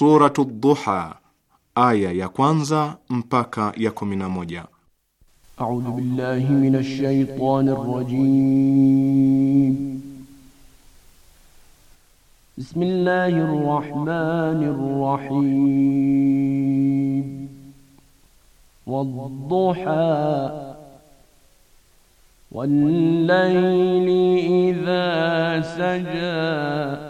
Suratu Duha, aya ya kwanza mpaka ya kumi na moja. A'udhu billahi minash shaitani rajim. Bismillahir rahmanir rahim. Wad-duha wal-layli idha saja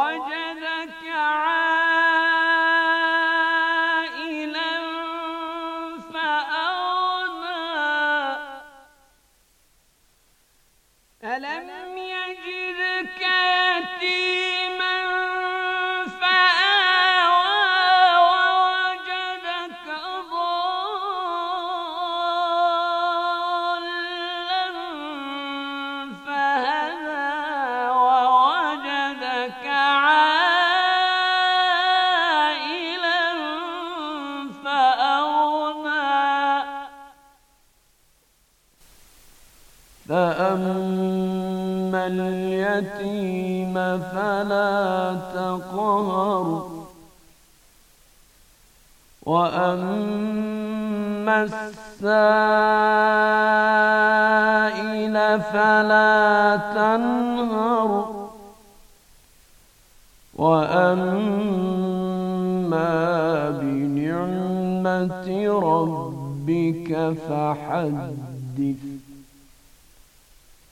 فلا تقهر وأما السائل فلا تنهر وأما بنعمة ربك فحدث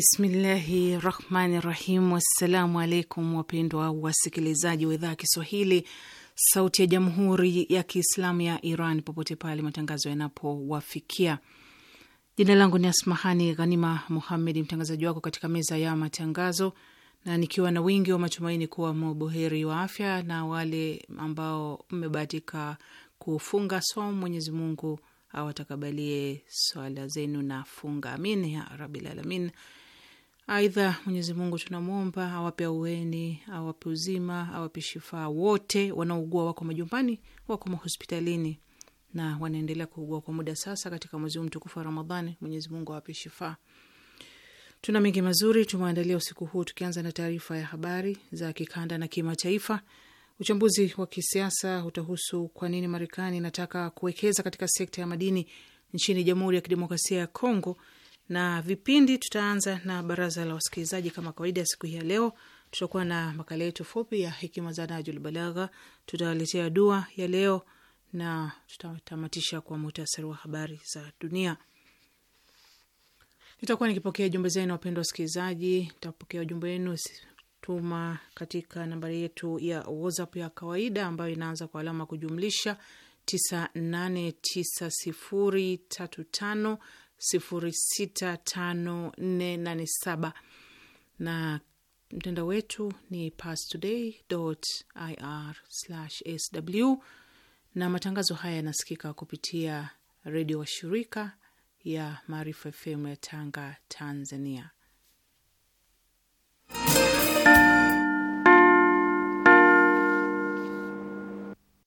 Bismillahi rahmani rahim. Wassalamu alaikum, wapendwa wasikilizaji wa idhaa ya Kiswahili sauti ya jamhuri ya Kiislamu ya Iran popote pale matangazo yanapowafikia. Jina langu ni Asmahani Ghanima Muhammed, mtangazaji wako katika meza ya matangazo, na nikiwa na wingi wa matumaini kuwa mboheri wa afya, na wale ambao mmebahatika kufunga somo, Mwenyezi Mungu awatakabalie swala zenu na funga, amin ya rabil alamin. Aidha, Mwenyezi Mungu tunamwomba awape aueni, awape uzima, awape shifaa wote wanaougua, wako majumbani, wako mahospitalini na wanaendelea kuugua kwa muda sasa katika mwezi huu mtukufu wa Ramadhani. Mwenyezi Mungu awape shifaa. Tuna mengi mazuri tumeandalia usiku huu, tukianza na taarifa ya habari za kikanda na kimataifa. Uchambuzi wa kisiasa utahusu kwa nini Marekani inataka kuwekeza katika sekta ya madini nchini Jamhuri ya Kidemokrasia ya Kongo na vipindi. Tutaanza na baraza la wasikilizaji kama kawaida. ya Siku hii ya leo tutakuwa na makala yetu fupi ya hikima za Najul Balagha, tutawaletea dua ya leo na tutatamatisha kwa muhtasari wa habari za dunia. Nitakuwa nikipokea jumbe zenu, wapendwa wasikilizaji, nitapokea jumbe wenu tuma katika nambari yetu ya WhatsApp ya kawaida ambayo inaanza kwa alama kujumlisha 989035 065487 na mtandao wetu ni pastoday.ir/sw, na matangazo haya yanasikika kupitia redio wa shirika ya Maarifa FM ya Tanga, Tanzania.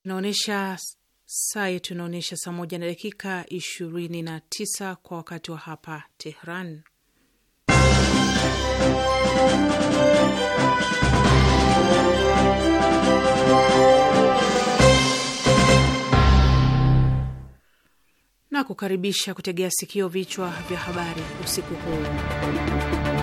Inaonyesha Saa yetu inaonyesha saa moja na dakika ishirini na tisa kwa wakati wa hapa Tehran. na kukaribisha kutegea sikio vichwa vya habari usiku huu.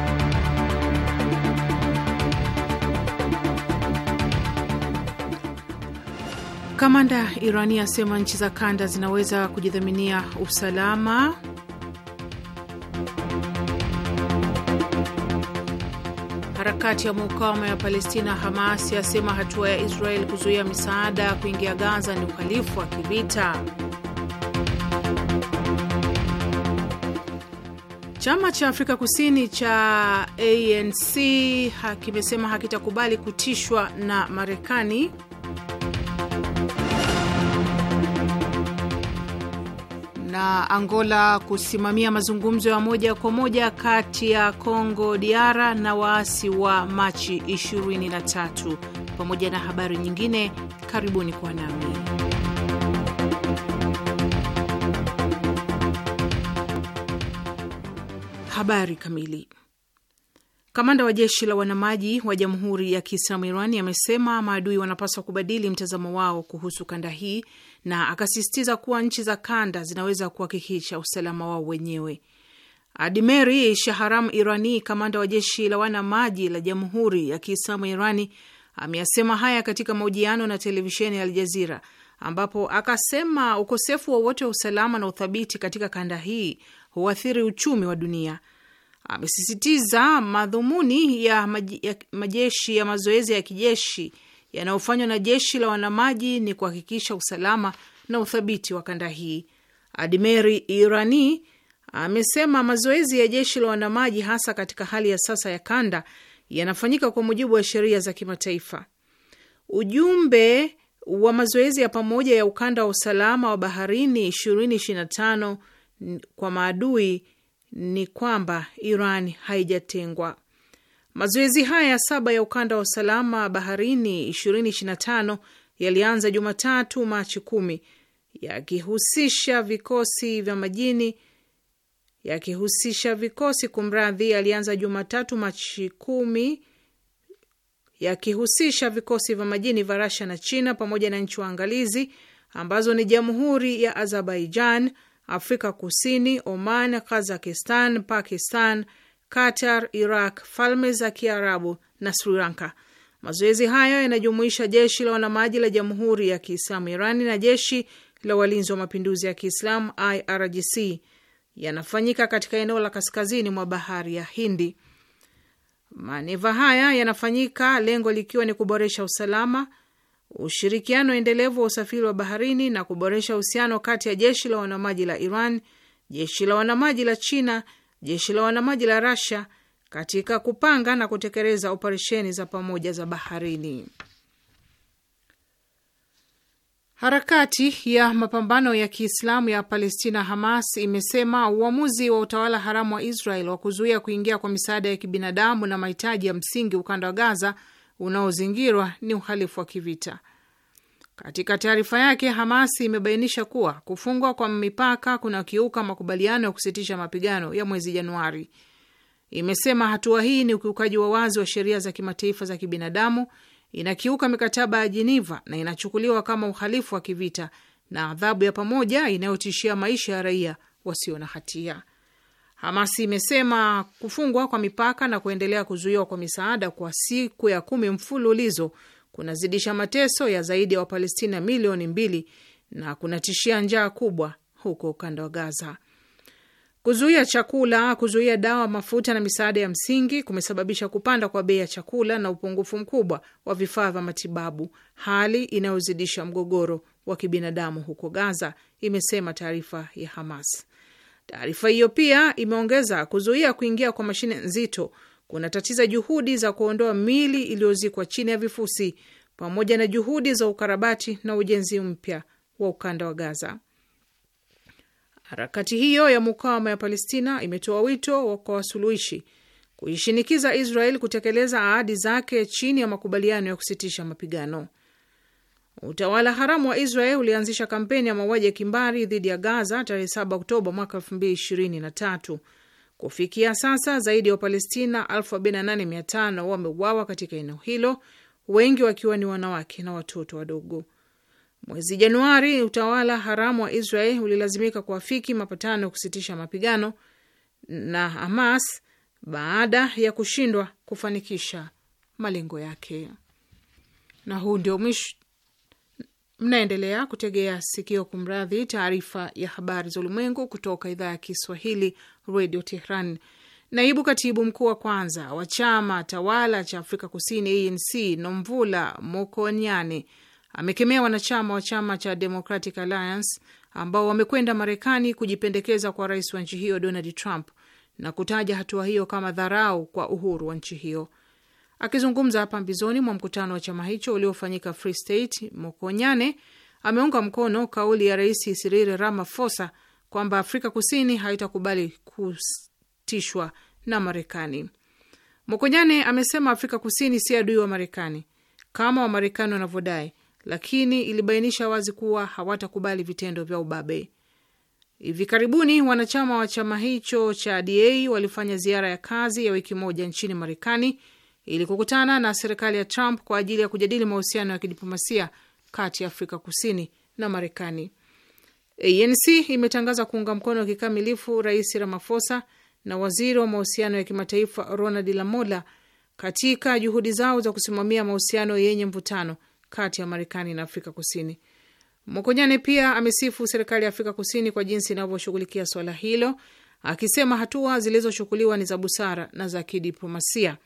Kamanda Irani asema nchi za kanda zinaweza kujidhaminia usalama. Harakati ya mukawama ya Palestina Hamas yasema hatua ya Israel kuzuia misaada kuingia Gaza ni uhalifu wa kivita. Chama cha Afrika Kusini cha ANC kimesema hakitakubali kutishwa na Marekani. na Angola kusimamia mazungumzo ya moja kwa moja kati ya Kongo Diara na waasi wa Machi 23, pamoja na habari nyingine. Karibuni kwa nami habari kamili. Kamanda wa jeshi la wanamaji wa Jamhuri ya Kiislamu Irani amesema maadui wanapaswa kubadili mtazamo wao kuhusu kanda hii na akasisitiza kuwa nchi za kanda zinaweza kuhakikisha usalama wao wenyewe. Adimeri Shaharam Irani, kamanda wa jeshi la wana maji la Jamhuri ya Kiislamu Irani, ameyasema haya katika mahojiano na televisheni ya Aljazira, ambapo akasema ukosefu wowote wa, wa usalama na uthabiti katika kanda hii huathiri uchumi wa dunia. Amesisitiza madhumuni ya majeshi ya mazoezi ya kijeshi yanayofanywa na jeshi la wanamaji ni kuhakikisha usalama na uthabiti wa kanda hii. Admeri Irani amesema mazoezi ya jeshi la wanamaji, hasa katika hali ya sasa ya kanda, yanafanyika kwa mujibu wa sheria za kimataifa. Ujumbe wa mazoezi ya pamoja ya ukanda wa usalama wa baharini 2025 kwa maadui ni kwamba Iran haijatengwa. Mazoezi haya ya saba ya ukanda wa usalama baharini 2025 yalianza Jumatatu Machi kumi yakihusisha vikosi vya majini yakihusisha vikosi kumradhi, yalianza Jumatatu Machi kumi yakihusisha vikosi vya majini vya Rasia na China pamoja na nchi waangalizi ambazo ni Jamhuri ya Azerbaijan, Afrika Kusini, Oman, Kazakistan, Pakistan Qatar, Iraq, Falme za Kiarabu na Sri Lanka. Mazoezi hayo yanajumuisha jeshi la wanamaji la Jamhuri ya Kiislamu Irani na jeshi la walinzi wa mapinduzi ya Kiislamu IRGC yanafanyika katika eneo la kaskazini mwa bahari ya Hindi. Maneva haya yanafanyika lengo likiwa ni kuboresha usalama, ushirikiano endelevu wa usafiri wa baharini na kuboresha uhusiano kati ya jeshi la wanamaji la Iran, jeshi la wanamaji la China jeshi la wanamaji la Rasia katika kupanga na kutekeleza operesheni za pamoja za baharini. Harakati ya mapambano ya Kiislamu ya Palestina, Hamas, imesema uamuzi wa utawala haramu wa Israel wa kuzuia kuingia kwa misaada ya kibinadamu na mahitaji ya msingi ukanda wa Gaza unaozingirwa ni uhalifu wa kivita. Katika taarifa yake, Hamasi imebainisha kuwa kufungwa kwa mipaka kunakiuka makubaliano ya kusitisha mapigano ya mwezi Januari. Imesema hatua hii ni ukiukaji wa wazi wa sheria za kimataifa za kibinadamu, inakiuka mikataba ya Jeniva na inachukuliwa kama uhalifu wa kivita na adhabu ya pamoja inayotishia maisha ya raia wasio na hatia. Hamasi imesema kufungwa kwa mipaka na kuendelea kuzuiwa kwa misaada kwa siku ya kumi mfululizo kunazidisha mateso ya zaidi ya Wapalestina milioni mbili na kunatishia njaa kubwa huko ukanda wa Gaza. Kuzuia chakula, kuzuia dawa, mafuta na misaada ya msingi kumesababisha kupanda kwa bei ya chakula na upungufu mkubwa wa vifaa vya matibabu, hali inayozidisha mgogoro wa kibinadamu huko Gaza, imesema taarifa ya Hamas. Taarifa hiyo pia imeongeza kuzuia kuingia kwa mashine nzito kunatatiza juhudi za kuondoa mili iliyozikwa chini ya vifusi pamoja na juhudi za ukarabati na ujenzi mpya wa ukanda wa Gaza. Harakati hiyo ya mukawama ya Palestina imetoa wito wa kwa wasuluhishi kuishinikiza Israel kutekeleza ahadi zake chini ya makubaliano ya kusitisha mapigano. Utawala haramu wa Israel ulianzisha kampeni ya mauaji ya kimbari dhidi ya Gaza tarehe 7 Oktoba mwaka Kufikia sasa zaidi ya Wapalestina 48,500 wameuawa katika eneo hilo, wengi wakiwa ni wanawake na watoto wadogo. Mwezi Januari, utawala haramu wa Israel ulilazimika kuafiki mapatano ya kusitisha mapigano na Hamas baada ya kushindwa kufanikisha malengo yake. Na huu ndio mwisho Mnaendelea kutegea sikio, kumradhi, taarifa ya habari za ulimwengu kutoka idhaa ya Kiswahili Radio Tehran. Naibu katibu mkuu wa kwanza wa chama tawala cha Afrika Kusini ANC Nomvula Mokonyane amekemea wanachama wa chama cha Democratic Alliance ambao wamekwenda Marekani kujipendekeza kwa rais wa nchi hiyo Donald Trump na kutaja hatua hiyo kama dharau kwa uhuru wa nchi hiyo. Akizungumza hapa mbizoni mwa mkutano wa chama hicho uliofanyika Free State, Mokonyane ameunga mkono kauli ya Rais Cyril Ramaphosa kwamba Afrika Kusini haitakubali kutishwa na Marekani. Mokonyane amesema Afrika Kusini si adui wa Marekani kama Wamarekani wanavyodai, lakini ilibainisha wazi kuwa hawatakubali vitendo vya ubabe. Hivi karibuni wanachama wa chama hicho cha DA walifanya ziara ya kazi ya wiki moja nchini Marekani ili kukutana na serikali ya Trump kwa ajili ya kujadili mahusiano ya kidiplomasia kati ya Afrika Kusini na Marekani. ANC imetangaza kuunga mkono kikamilifu Rais Ramaphosa na waziri wa mahusiano ya kimataifa Ronald Lamola katika juhudi zao za kusimamia mahusiano yenye mvutano kati ya Marekani na Afrika Kusini. Mokonyane pia amesifu serikali ya Afrika Kusini kwa jinsi inavyoshughulikia swala hilo, akisema hatua zilizochukuliwa ni za busara na za kidiplomasia.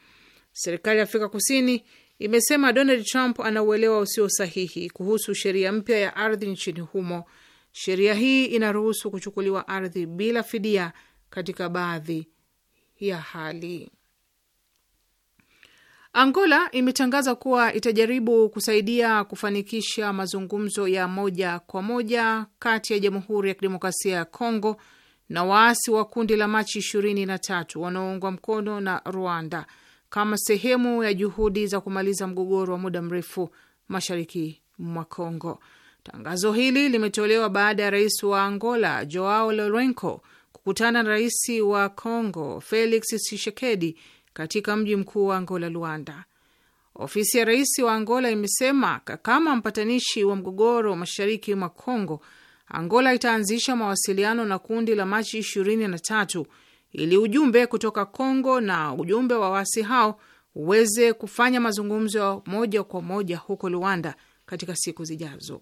Serikali ya Afrika Kusini imesema Donald Trump ana uelewa usio sahihi kuhusu sheria mpya ya ardhi nchini humo. Sheria hii inaruhusu kuchukuliwa ardhi bila fidia katika baadhi ya hali. Angola imetangaza kuwa itajaribu kusaidia kufanikisha mazungumzo ya moja kwa moja kati ya Jamhuri ya Kidemokrasia ya Kongo na waasi wa kundi la Machi ishirini na tatu wanaoungwa mkono na Rwanda kama sehemu ya juhudi za kumaliza mgogoro wa muda mrefu mashariki mwa Kongo. Tangazo hili limetolewa baada ya rais wa Angola Joao Lourenco kukutana na rais wa Congo Felix Tshisekedi katika mji mkuu wa Angola, Luanda. Ofisi ya rais wa Angola imesema kama mpatanishi wa mgogoro mashariki mwa Congo, Angola itaanzisha mawasiliano na kundi la Machi 23 ili ujumbe kutoka Kongo na ujumbe wa waasi hao uweze kufanya mazungumzo moja kwa moja huko Luanda katika siku zijazo.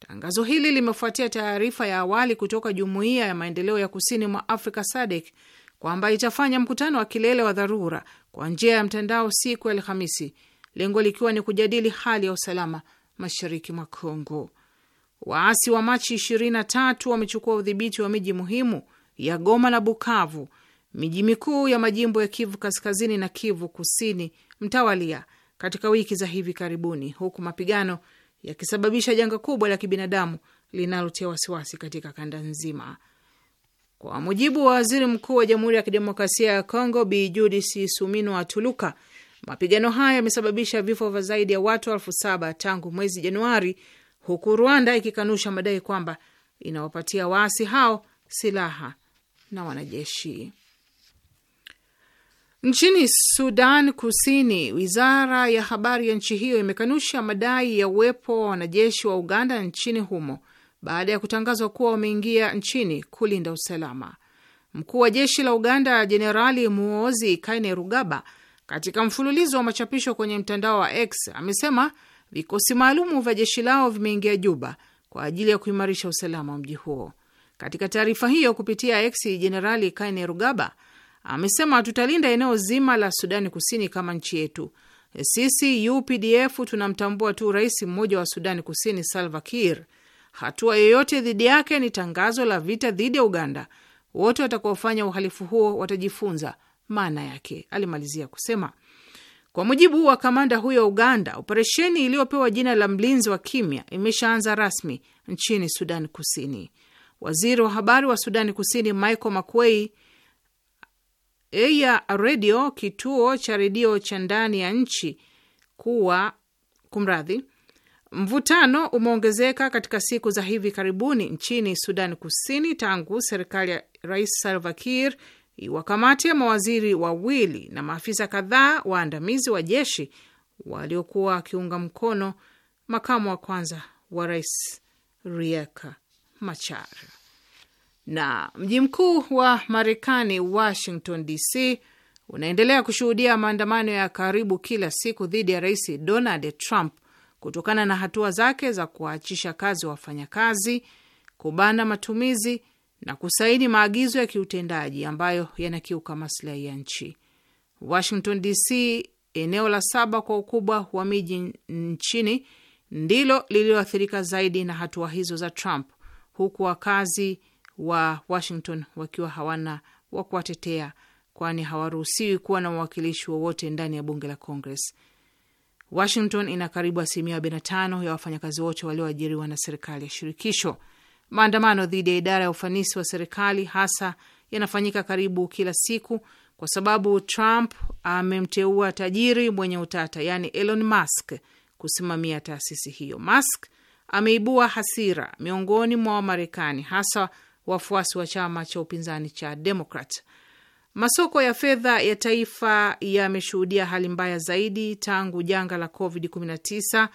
Tangazo hili limefuatia taarifa ya awali kutoka Jumuiya ya Maendeleo ya Kusini mwa Afrika SADC kwamba itafanya mkutano wa kilele wa dharura kwa njia ya mtandao siku ya Alhamisi, lengo likiwa ni kujadili hali ya usalama mashariki mwa Kongo. Waasi wa Machi 23 wamechukua udhibiti wa miji muhimu ya Goma na Bukavu, miji mikuu ya majimbo ya Kivu kaskazini na Kivu kusini mtawalia katika wiki za hivi karibuni, huku mapigano yakisababisha janga kubwa la kibinadamu linalotia wasiwasi katika kanda nzima. Kwa mujibu wa waziri mkuu wa Jamhuri ya Kidemokrasia ya Kongo Bi Judith Sumino Atuluka, mapigano haya yamesababisha vifo vya zaidi ya watu elfu saba tangu mwezi Januari, huku Rwanda ikikanusha madai kwamba inawapatia waasi hao silaha na wanajeshi. Nchini Sudan Kusini, wizara ya habari ya nchi hiyo imekanusha madai ya uwepo wa wanajeshi wa Uganda nchini humo baada ya kutangazwa kuwa wameingia nchini kulinda usalama. Mkuu wa jeshi la Uganda Jenerali Muozi Kainerugaba, katika mfululizo wa machapisho kwenye mtandao wa X, amesema vikosi maalumu vya jeshi lao vimeingia Juba kwa ajili ya kuimarisha usalama wa mji huo. Katika taarifa hiyo kupitia X, Jenerali Kane Rugaba amesema tutalinda eneo zima la Sudani Kusini kama nchi yetu. Sisi UPDF tunamtambua tu rais mmoja wa Sudani Kusini, Salva Kiir. Hatua yoyote dhidi yake ni tangazo la vita dhidi ya Uganda. Wote watakaofanya uhalifu huo watajifunza maana yake, alimalizia kusema. Kwa mujibu wa kamanda huyo wa Uganda, operesheni iliyopewa jina la mlinzi wa kimya imeshaanza rasmi nchini Sudan Kusini. Waziri wa habari wa Sudani Kusini Michael Makuei Eya Redio, kituo cha redio cha ndani ya nchi kuwa kumradhi. Mvutano umeongezeka katika siku za hivi karibuni nchini Sudani Kusini tangu serikali ya Rais Salva Kiir iwakamate mawaziri wawili na maafisa kadhaa waandamizi wa jeshi waliokuwa wakiunga mkono makamu wa kwanza wa rais Rieka Machar. Na mji mkuu wa Marekani, Washington DC, unaendelea kushuhudia maandamano ya karibu kila siku dhidi ya Rais Donald Trump kutokana na hatua zake za kuwaachisha kazi wa wafanyakazi, kubana matumizi na kusaini maagizo ya kiutendaji ambayo yanakiuka maslahi ya nchi. Washington DC, eneo la saba kwa ukubwa wa miji nchini, ndilo lililoathirika zaidi na hatua hizo za Trump huku wakazi wa Washington wakiwa hawana wa kuwatetea, kwani hawaruhusiwi kuwa na wawakilishi wowote ndani ya bunge la Congress. Washington ina karibu asilimia tano ya wafanyakazi wote walioajiriwa na serikali ya shirikisho. Maandamano dhidi ya idara ya ufanisi wa serikali hasa yanafanyika karibu kila siku kwa sababu Trump amemteua tajiri mwenye utata, yani Elon Musk, kusimamia taasisi hiyo. Musk ameibua hasira miongoni mwa Wamarekani, hasa wafuasi wa chama cha upinzani cha Demokrat. Masoko ya fedha ya taifa yameshuhudia hali mbaya zaidi tangu janga la COVID-19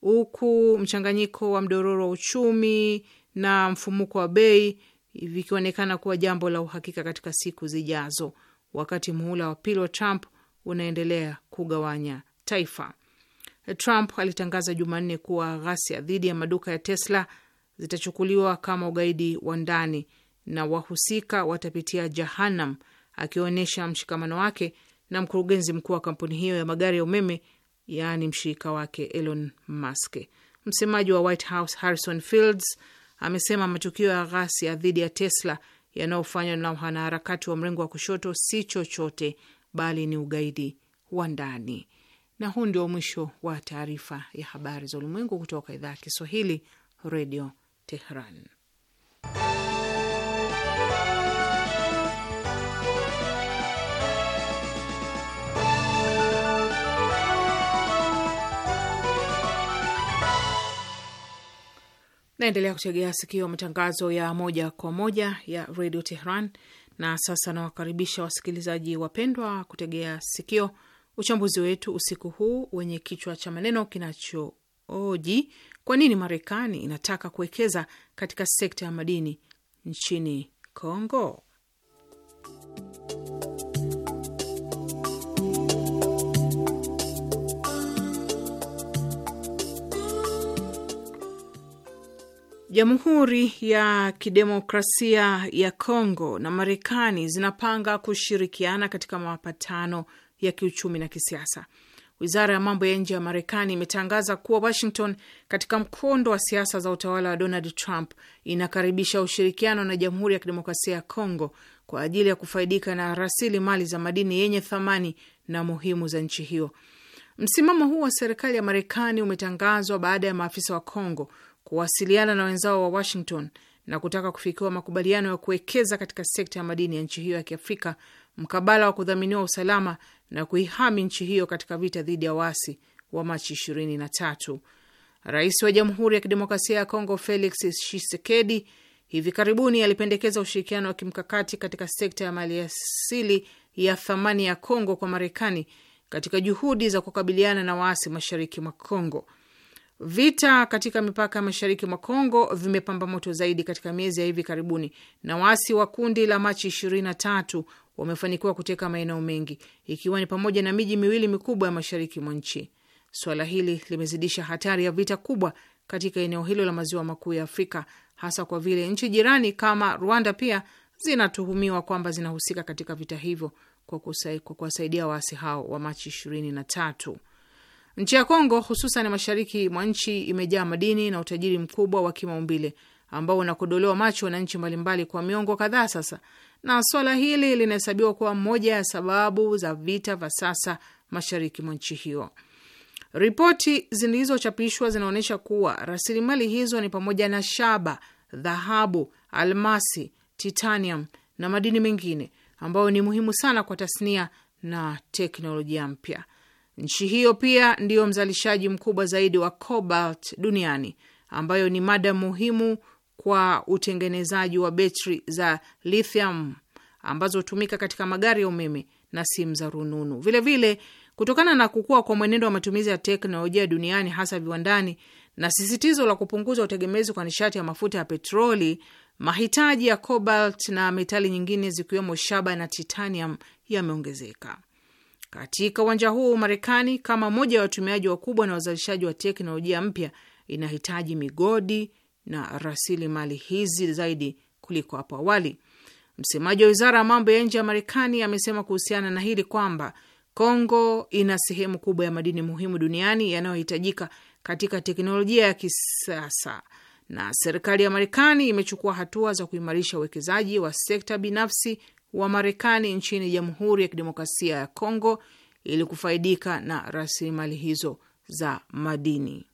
huku mchanganyiko wa mdororo wa uchumi na mfumuko wa bei vikionekana kuwa jambo la uhakika katika siku zijazo, wakati muhula wa pili wa Trump unaendelea kugawanya taifa. Trump alitangaza Jumanne kuwa ghasia dhidi ya maduka ya Tesla zitachukuliwa kama ugaidi wa ndani na wahusika watapitia jahanam, akionyesha mshikamano wake na mkurugenzi mkuu wa kampuni hiyo ya magari ya umeme, yaani mshirika wake Elon Musk. Msemaji wa White House Harrison Fields amesema matukio ya ghasia dhidi ya Tesla yanayofanywa na wanaharakati wa mrengo wa kushoto si chochote bali ni ugaidi wa ndani. Na huu ndio mwisho wa taarifa ya habari za ulimwengu kutoka idhaa ya Kiswahili, Redio Tehran. Naendelea kutegea sikio matangazo ya moja kwa moja ya Redio Tehran. Na sasa nawakaribisha wasikilizaji wapendwa kutegea sikio Uchambuzi wetu usiku huu wenye kichwa cha maneno kinachooji kwa nini Marekani inataka kuwekeza katika sekta ya madini nchini Kongo. Jamhuri ya Kidemokrasia ya Kongo na Marekani zinapanga kushirikiana katika mapatano ya kiuchumi na kisiasa. Wizara ya mambo ya nje ya Marekani imetangaza kuwa Washington, katika mkondo wa siasa za utawala wa Donald Trump, inakaribisha ushirikiano na Jamhuri ya Kidemokrasia ya Kongo kwa ajili ya kufaidika na rasili mali za madini yenye thamani na muhimu za nchi hiyo. Msimamo huu wa serikali ya Marekani umetangazwa baada ya maafisa wa Kongo kuwasiliana na wenzao wa Washington na kutaka kufikiwa makubaliano ya kuwekeza katika sekta ya madini ya nchi hiyo ya Kiafrika mkabala wa kudhaminiwa usalama na kuihami nchi hiyo katika vita dhidi ya waasi wa Machi 23. Rais wa Jamhuri ya Kidemokrasia ya Kongo Felix Tshisekedi hivi karibuni alipendekeza ushirikiano wa kimkakati katika sekta ya maliasili ya thamani ya Kongo kwa Marekani katika juhudi za kukabiliana na waasi mashariki mwa Kongo. Vita katika mipaka ya mashariki mwa Kongo vimepamba moto zaidi katika miezi ya hivi karibuni, na waasi wa kundi la Machi 23 wamefanikiwa kuteka maeneo mengi ikiwa ni pamoja na miji miwili mikubwa ya mashariki mwa nchi. Suala hili limezidisha hatari ya vita kubwa katika eneo hilo la maziwa makuu ya Afrika, hasa kwa vile nchi jirani kama Rwanda pia zinatuhumiwa kwamba zinahusika katika vita hivyo kwa kuwasaidia waasi hao wa Machi ishirini na tatu. Nchi ya Kongo hususan mashariki mwa nchi imejaa madini na utajiri mkubwa wa kimaumbile ambao unakodolewa macho na nchi mbalimbali kwa miongo kadhaa sasa, na swala hili linahesabiwa kuwa moja ya sababu za vita vya sasa mashariki mwa nchi hiyo. Ripoti zilizochapishwa zinaonyesha kuwa rasilimali hizo ni pamoja na shaba, dhahabu, almasi, titanium na madini mengine ambayo ni muhimu sana kwa tasnia na teknolojia mpya. Nchi hiyo pia ndiyo mzalishaji mkubwa zaidi wa cobalt duniani ambayo ni mada muhimu kwa utengenezaji wa betri za lithium ambazo hutumika katika magari ya umeme na simu za rununu. Vilevile, kutokana na kukua kwa mwenendo wa matumizi ya teknolojia duniani, hasa viwandani, na sisitizo la kupunguza utegemezi kwa nishati ya mafuta ya petroli, mahitaji ya cobalt na metali nyingine zikiwemo shaba na titanium yameongezeka. Katika uwanja huu, Marekani kama moja ya watumiaji wakubwa na wazalishaji wa teknolojia mpya inahitaji migodi na rasilimali hizi zaidi kuliko hapo awali. Msemaji wa wizara ya mambo ya nje ya Marekani amesema kuhusiana na hili kwamba Kongo ina sehemu kubwa ya madini muhimu duniani yanayohitajika katika teknolojia ya kisasa na serikali ya Marekani imechukua hatua za kuimarisha uwekezaji wa sekta binafsi wa Marekani nchini Jamhuri ya Kidemokrasia ya Kongo ili kufaidika na rasilimali hizo za madini.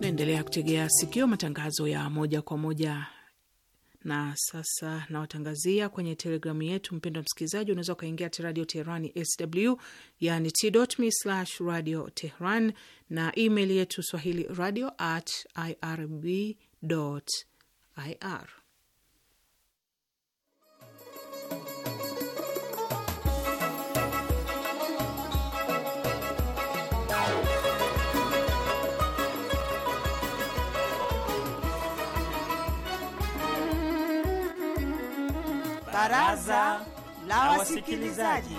Naendelea kutegea sikio matangazo ya moja kwa moja na sasa nawatangazia kwenye telegramu yetu. Mpendwa msikilizaji, unaweza ukaingia radio teherani sw, yani t.me slash radio tehran, na email yetu swahili radio at irb IR. Baraza la wasikilizaji.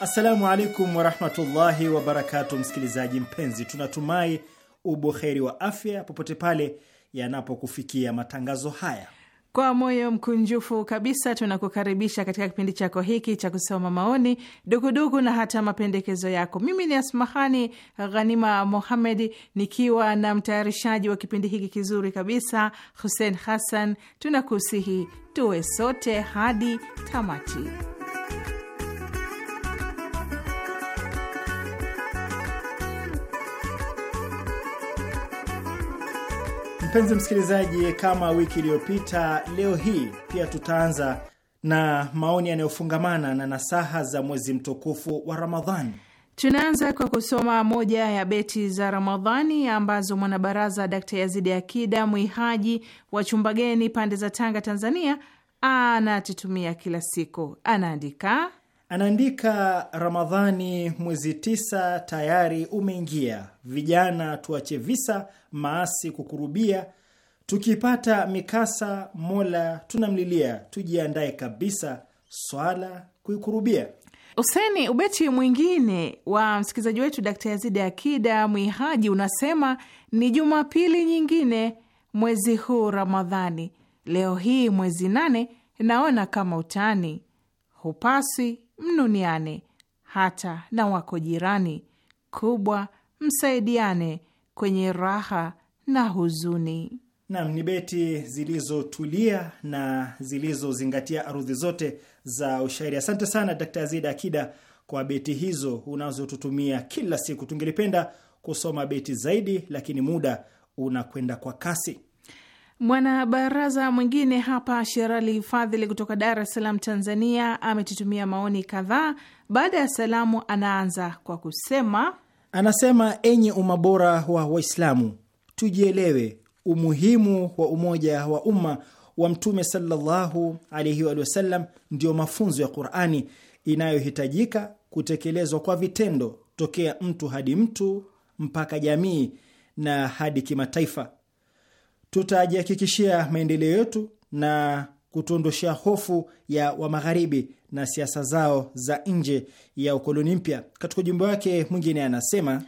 Assalamu alaikum warahmatullahi wabarakatu, msikilizaji mpenzi, tunatumai ubuheri wa afya popote pale yanapokufikia matangazo haya. Kwa moyo mkunjufu kabisa tunakukaribisha katika kipindi chako hiki cha kusoma maoni, dukuduku na hata mapendekezo yako. Mimi ni Asmahani Ghanima Mohamedi nikiwa na mtayarishaji wa kipindi hiki kizuri kabisa Hussein Hassan. Tunakusihi tuwe sote hadi tamati. Mpenzi msikilizaji, kama wiki iliyopita, leo hii pia tutaanza na maoni yanayofungamana na nasaha za mwezi mtukufu wa Ramadhani. Tunaanza kwa kusoma moja ya beti za Ramadhani ambazo mwanabaraza Dkt. Yazidi Akida Mwihaji wa Chumbageni, pande za Tanga, Tanzania, anatutumia kila siku. Anaandika: Anaandika, Ramadhani mwezi tisa tayari umeingia, vijana tuache visa maasi kukurubia, tukipata mikasa Mola tunamlilia, tujiandae kabisa swala kuikurubia. Useni, ubeti mwingine wa msikilizaji wetu Dakta Yazidi Akida Mwihaji unasema ni Jumapili nyingine mwezi huu Ramadhani, leo hii mwezi nane, naona kama utani hupasi mnuniane hata na wako jirani, kubwa msaidiane kwenye raha na huzuni. Nam, ni beti zilizotulia na zilizozingatia arudhi zote za ushairi. Asante sana Dkt. Azid Akida kwa beti hizo unazotutumia kila siku. Tungelipenda kusoma beti zaidi, lakini muda unakwenda kwa kasi. Mwanabaraza mwingine hapa Sherali Fadhili kutoka Dar es Salaam, Tanzania, ametutumia maoni kadhaa. Baada ya salamu, anaanza kwa kusema, anasema enyi umma bora wa Waislamu, tujielewe umuhimu wa umoja wa umma wa Mtume sallallahu alaihi wa sallam, ndiyo mafunzo ya Qurani inayohitajika kutekelezwa kwa vitendo, tokea mtu hadi mtu mpaka jamii na hadi kimataifa tutajihakikishia maendeleo yetu na kutuondoshea hofu ya wa magharibi na siasa zao za nje ya ukoloni mpya. Katika ujumbe wake mwingine anasema,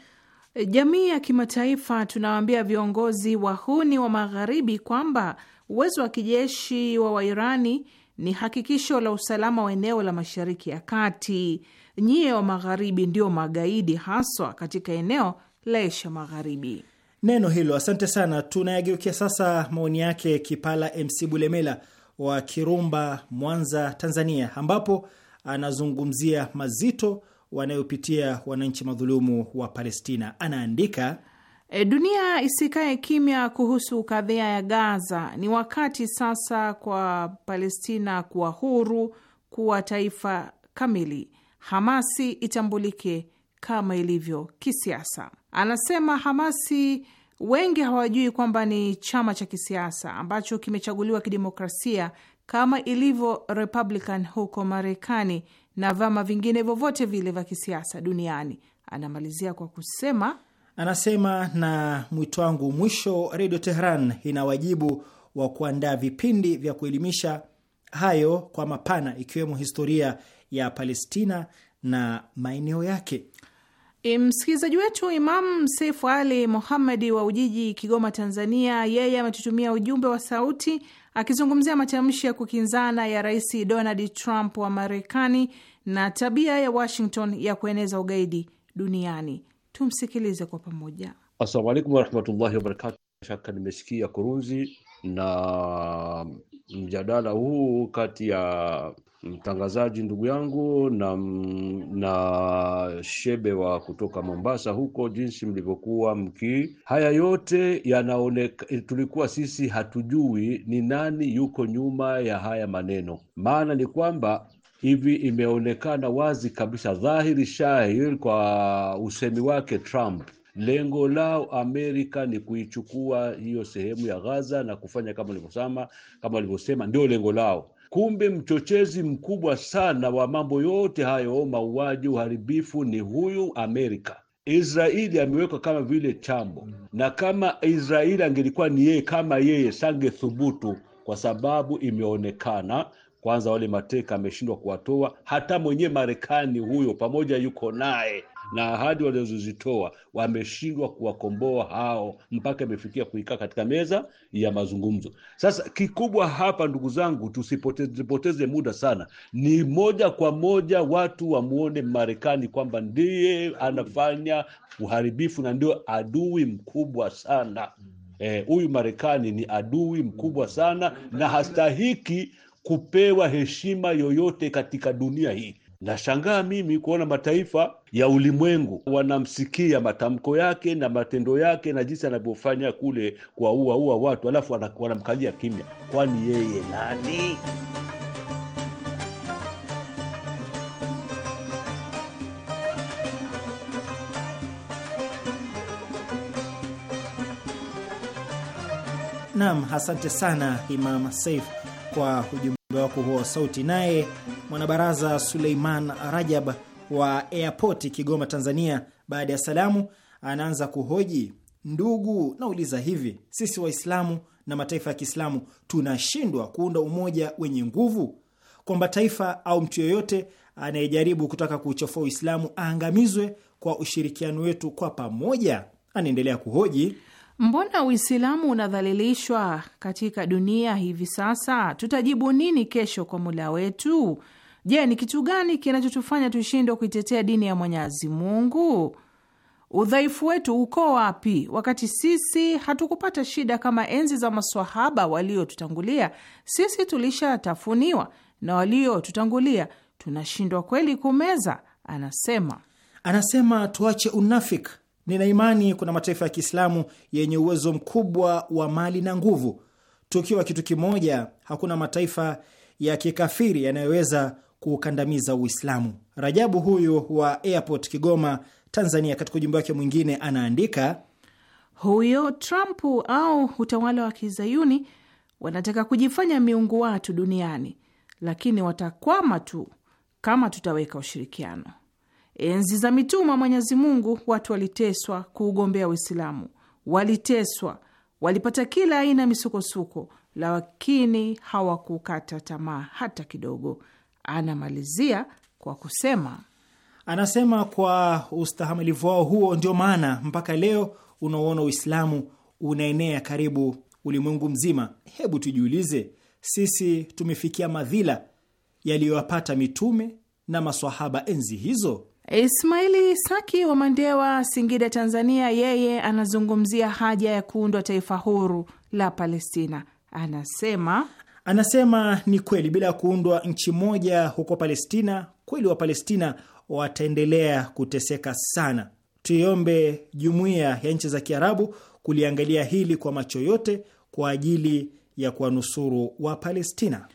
jamii ya kimataifa, tunawaambia viongozi wahuni wa magharibi kwamba uwezo wa kijeshi wa Wairani ni hakikisho la usalama wa eneo la Mashariki ya Kati. Nyie wa magharibi ndio magaidi haswa katika eneo la Asia Magharibi neno hilo. Asante sana. Tunayageukia sasa maoni yake Kipala MC Bulemela wa Kirumba, Mwanza, Tanzania, ambapo anazungumzia mazito wanayopitia wananchi madhulumu wa Palestina. Anaandika e, dunia isikae kimya kuhusu kadhia ya Gaza. Ni wakati sasa kwa Palestina kuwa huru, kuwa taifa kamili. Hamasi itambulike kama ilivyo kisiasa. Anasema Hamasi wengi hawajui kwamba ni chama cha kisiasa ambacho kimechaguliwa kidemokrasia kama ilivyo Republican huko Marekani na vyama vingine vyovyote vile vya kisiasa duniani. Anamalizia kwa kusema anasema, na mwito wangu mwisho, Redio Tehran ina wajibu wa kuandaa vipindi vya kuelimisha hayo kwa mapana, ikiwemo historia ya Palestina na maeneo yake. E, msikilizaji wetu Imam Sefu Ali Mohamedi wa Ujiji, Kigoma, Tanzania, yeye ametutumia ujumbe wa sauti akizungumzia matamshi ya kukinzana ya Rais Donald Trump wa Marekani na tabia ya Washington ya kueneza ugaidi duniani. Tumsikilize kwa pamoja. Assalamu alaikum warahmatullahi wabarakatu. Shaka nimesikia kurunzi na mjadala huu kati ya mtangazaji ndugu yangu na, na Shebe wa kutoka Mombasa huko, jinsi mlivyokuwa mki. Haya yote yanaonekana, tulikuwa sisi hatujui ni nani yuko nyuma ya haya maneno. Maana ni kwamba hivi imeonekana wazi kabisa, dhahiri shahiri kwa usemi wake Trump lengo lao Amerika ni kuichukua hiyo sehemu ya Gaza na kufanya kama walivyosema, kama walivyosema ndio lengo lao Kumbe mchochezi mkubwa sana wa mambo yote hayo, mauaji, uharibifu, ni huyu Amerika. Israeli amewekwa kama vile chambo, na kama Israeli angelikuwa ni yeye kama yeye, sange thubutu kwa sababu imeonekana kwanza, wale mateka ameshindwa kuwatoa. Hata mwenyewe Marekani huyo pamoja yuko naye, na ahadi walizozitoa wameshindwa kuwakomboa hao mpaka imefikia kuikaa katika meza ya mazungumzo. Sasa kikubwa hapa, ndugu zangu, tusipoteze muda sana, ni moja kwa moja watu wamwone Marekani kwamba ndiye anafanya uharibifu na ndio adui mkubwa sana. Eh, huyu eh, Marekani ni adui mkubwa sana na hastahiki kupewa heshima yoyote katika dunia hii. Nashangaa mimi kuona mataifa ya ulimwengu wanamsikia matamko yake na matendo yake na jinsi anavyofanya kule kuwauaua watu, alafu wanamkalia kimya. Kwani yeye nani? Nam, asante sana Imam Saif kwa ujumbe wako huo wa sauti. Naye mwanabaraza Suleiman Rajab wa airpoti Kigoma, Tanzania, baada ya salamu, anaanza kuhoji ndugu, nauliza hivi, sisi Waislamu na mataifa ya Kiislamu tunashindwa kuunda umoja wenye nguvu, kwamba taifa au mtu yeyote anayejaribu kutaka kuuchafua Uislamu aangamizwe kwa ushirikiano wetu kwa pamoja? Anaendelea kuhoji Mbona Uislamu unadhalilishwa katika dunia hivi sasa? Tutajibu nini kesho kwa mula wetu? Je, ni kitu gani kinachotufanya tushindwe kuitetea dini ya Mwenyezi Mungu? Udhaifu wetu uko wapi, wakati sisi hatukupata shida kama enzi za maswahaba waliotutangulia? Sisi tulishatafuniwa na waliotutangulia, tunashindwa kweli kumeza? Anasema, anasema tuache unafiki Nina imani kuna mataifa ya Kiislamu yenye uwezo mkubwa wa mali na nguvu. Tukiwa kitu kimoja, hakuna mataifa ya kikafiri yanayoweza kuukandamiza Uislamu. Rajabu huyu wa Airport Kigoma, Tanzania, katika ujumbe wake mwingine anaandika, huyo Trump au utawala wa kizayuni wanataka kujifanya miungu watu duniani, lakini watakwama tu kama tutaweka ushirikiano. Enzi za mituma Mwenyezi Mungu, watu waliteswa kuugombea Uislamu, waliteswa, walipata kila aina ya misukosuko, lakini hawakukata tamaa hata kidogo. Anamalizia kwa kusema, anasema kwa ustahamilivu wao huo, ndio maana mpaka leo unaoona Uislamu unaenea karibu ulimwengu mzima. Hebu tujiulize sisi, tumefikia madhila yaliyowapata mitume na maswahaba enzi hizo? Eh, Ismaili Saki wa Mandewa, Singida, Tanzania, yeye anazungumzia haja ya kuundwa taifa huru la Palestina. Anasema anasema ni kweli, bila ya kuundwa nchi moja huko Palestina, kweli wa Palestina wataendelea kuteseka sana. Tuiombe jumuiya ya nchi za Kiarabu kuliangalia hili kwa macho yote kwa ajili ya kuwanusuru wa Palestina.